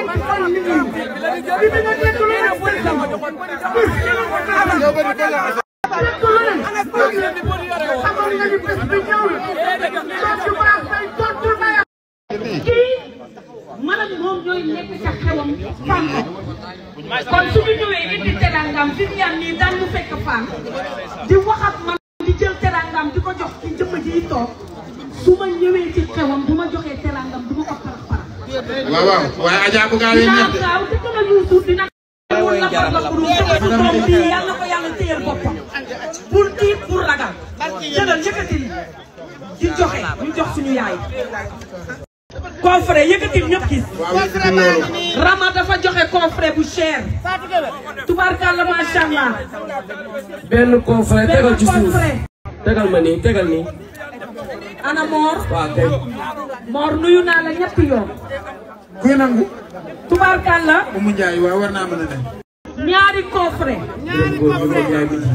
kon su ñu ñëwee indi teraangam fi ñaan nii daan mu fekk faam di wax ak man di jël teraangam di ko jox ci jëmm ji toog su ma ñëwee ci xewam bu ma joxee teraangam du ma ko waaw waaw waaye Adja bu gaawee ñett. yàlla ko yàlla téyel boppam. bul tiit bul ragal. jëlal yëkkatil di joxe ñu jox suñu yaay. coffret yëkkatil ñëpp gis. Rama dafa joxe coffret bu cher. tubarkalla macha allah. benn coffret tegal ci suuf tegal ma nii tegal nii. ana Mor. waaw kay. Mor nuyu naa la ñetti yoon. kuy nangu. tubaarkàlla. Oumou Ndiaye waaw war naa mën a ne. ñaari coffret. ñaari coffret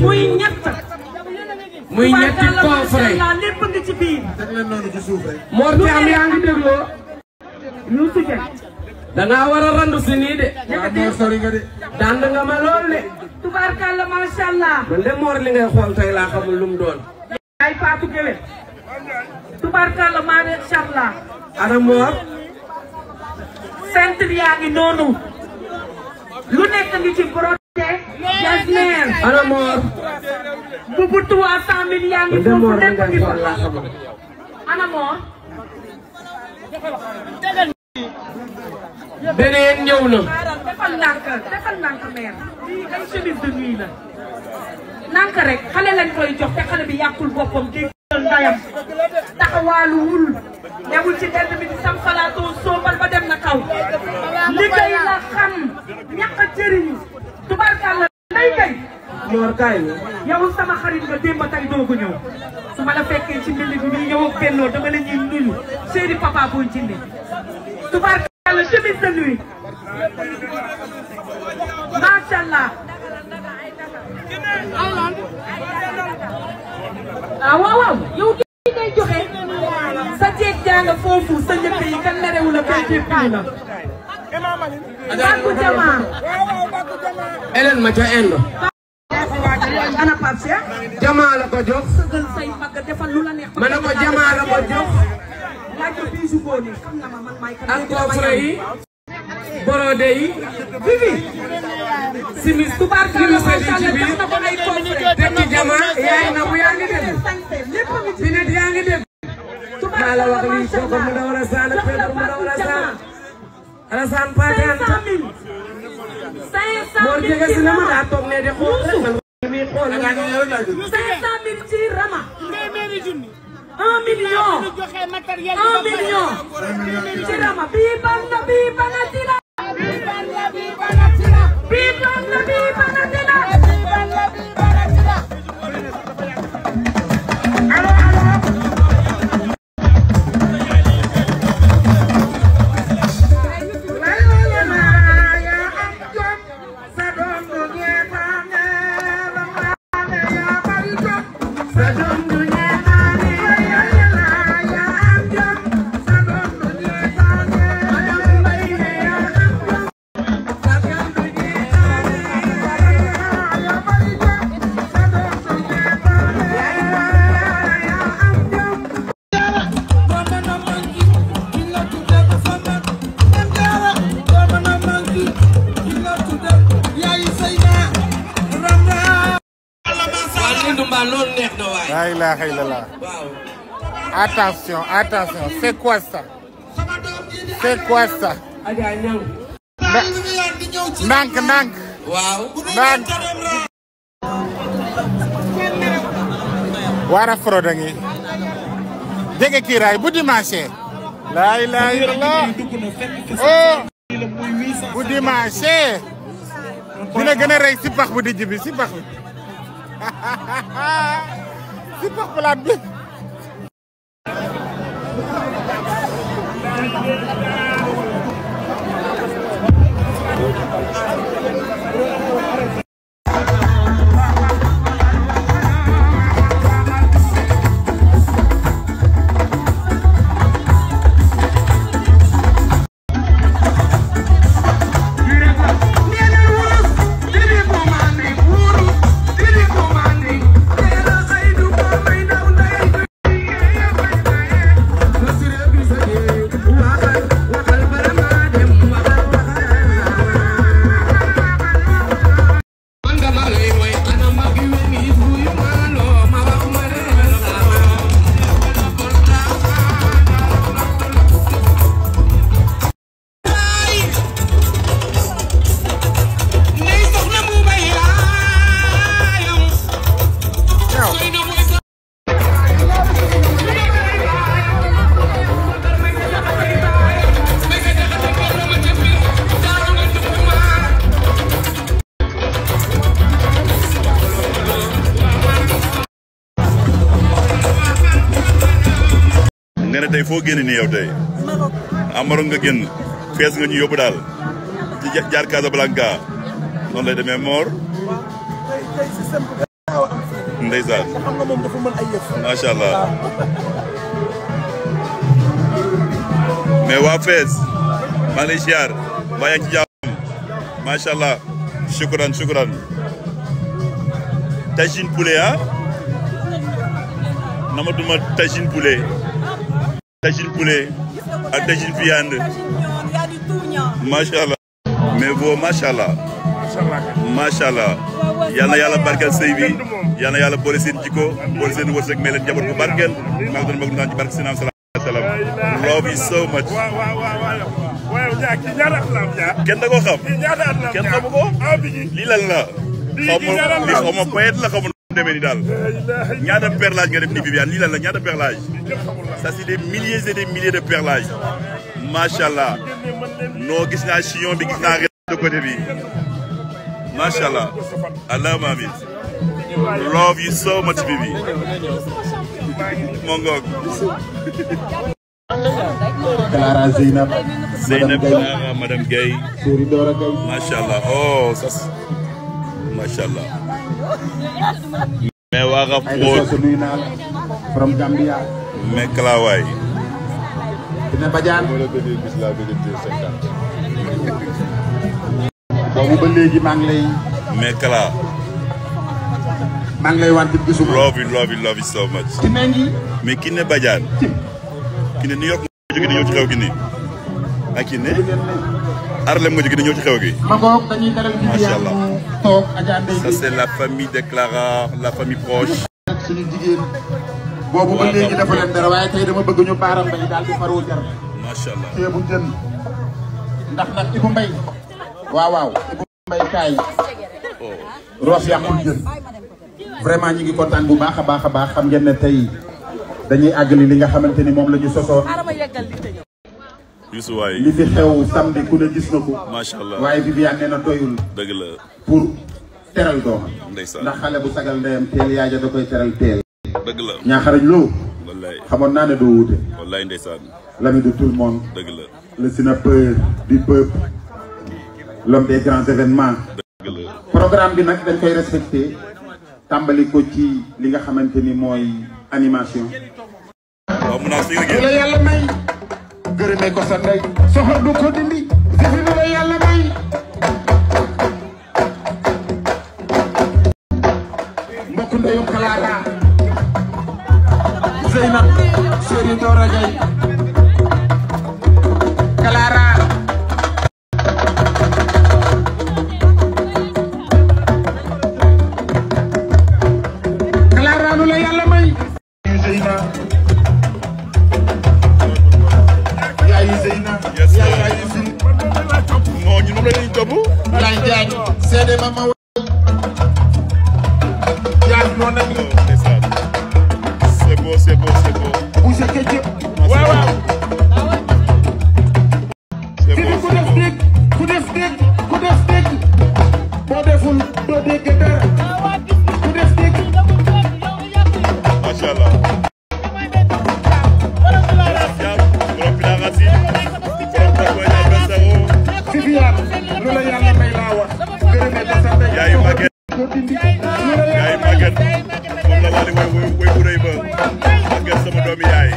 muy ñett. muy ñetti coffret lépp ngi ci yaa ngi dégloo. lu si jëm. danaa war a randu si nii de. waaw sori nga de. dànd nga ma lool de. tubaarkàlla macha allah. man de Mor li ngay xool tey laa xamul lu doon. ay Fatou Gueye. tubarkalla macha allah. ana Mor. centre yaa ngi noonu. lu nekk ngi ci broderie. jasmer. ana Mor. bu bu 300000 yaa ngi foofu nekk ngi fa. ana beneen ñëw na. defal ndànk defal ndànk meer. lii ay chemise de la. ndànk rek xale lañ koy jox te xale bi yàqul boppam dégg ndayam taxawaaluwul newul ci dend bi di sam salaatoo soobal ba dem na kaw liggéey la xam ñàkk a jëriñu tubarkàlla ndey kay yoor kay sama xarit nga démb tey doogu ñëw su ma la fekkee ci mbili bi nii yow ak bennoo dama la ñuy nuyu seeni papa boo jinne tubarkàlla chemise de nuit macha allah ah waaw waaw yow lii ngay joxe sa jeeg jàng foofu sa njëkk yi kan nerewu la kay jépp yi la bàkku jamaa jamaa la ko jox sëgal say ko jamaa la ko jox laaj ko biisu booni xam na ma man maay kan alkoofre yi borode yi vivi simis tubaar kii mama yaay na bu rama un million un million ci na bii ilaha illallah attention attention c'est quoi ça c'est quoi ça ndànk froda ngi jege bu dimanche laa ilaha illallah oh. bu dimanche dina gën a rey si pax bu dijj bi si pax palaat bi tey foo génn nii yow tey ah nga génn fees nga ñu yóbbu daal ci jaar Casablanca noonu lay demee Mor. ndeysaan allah mais waa fees maa ngi lay ziar waa yaa ngi ci jàmm allah shukran shukran tajine poulet ah namatuma tajine poulet dajin poulet ak dajin viande macha allah mais boo macha allah macha allah yal na yàlla barkeel sëy bi yal na yàlla boole seen jikko boole seen wërsëg mais leen njaboot bu barkeel maa salaam love you so much kenn da xam kenn xamu ko ah, lii lan la ma li xaw ma poète la xaw ma demee ni daal ñaata perlage nga def ni Viviane lii lan la ñaata perlage ça c'est des milliers et milliers de perlage macha allah non gis naa chignon bi gis naa de côté bi macha allah allahumma amin love you so much Vivi mongoog Clara Zeynab Zeynab Clara Madame allah oh macha allah. mais waaxa fóot from Gambia mais kalaawaay dina bajaan moo la a téye cinquante boobu ba léegi maa ngi lay mais kalaa maa ngi lay wante gisuma love love you love you so much mais ne bajaan ki ne New York moo jóge di ñëw ci xew nii ak Kiné Arlem nga jóge dañoo ci xew bi macha allah ça c'est la la famille proche. suñu jigéen boobu ba léegi dafa leen dara waaye tey dama bëgg ñu baaram mbay daal di faroo jar. macha allah ceebu jën ndax nag Ibou Mbaye oh. vraiment ñi ngi kontaan bu baax a baax a baax xam ngeen ne tey dañuy àggali li nga xamante ni moom la ñu Youssou waay li fi xew samedi ku ne gis na ko. macha allah waaye Viviane nee na doyul. dëgg la pour teral doomam. ndeysaan ndax xale bu sagal ndeyam teel yaaja da koy teral teel. dëgg la ñaaxarañ loo. xamoon naa ne doo wute. wallaay ndeysaan. l'ami de tout le monde. dëgg la le sénateur du peuple. l'homme des grands événements. dëgg la programme bi nag dañ koy respecté tàmbali ko ci li nga xamante ni mooy animation. gërëmee ko sa ndey du ko dindi si fi la yàlla may mbokk ndeyu Clara Zeynab Serigne Dora Gaye Clara doomi yaay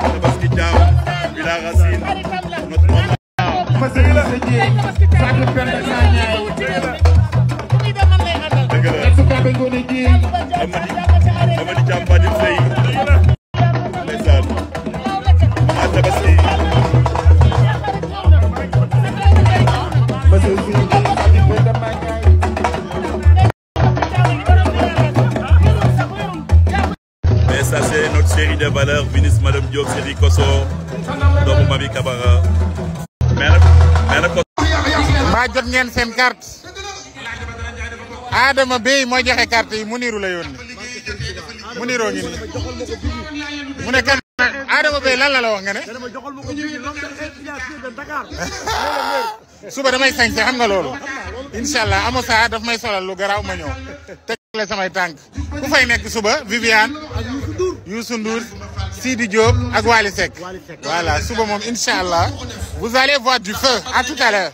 tabaski jaaw bila racine notre c'est notre chérie de valeur ministre madame Diop Sedi Kosso maa jot ngeen seen carte. Adama Bey mooy joxe carte yi mu niru la yoon mu niroo mu ne Adama Bey lan la la wax nga ne. suba damay sañse xam nga loolu. incha allah amosa daf may solal lu garaaw ma ñëw. te samay tànk ku fay nekk suba Viviane. Youssou Ndour Sidi Diop ak Wally Seck voilà suba moom incha allah vous allez voir du feu à tout à l'heure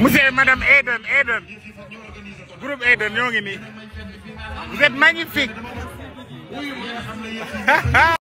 monsieur madame Eden Eden groupe Eden ñoo ngi vous êtes magnifique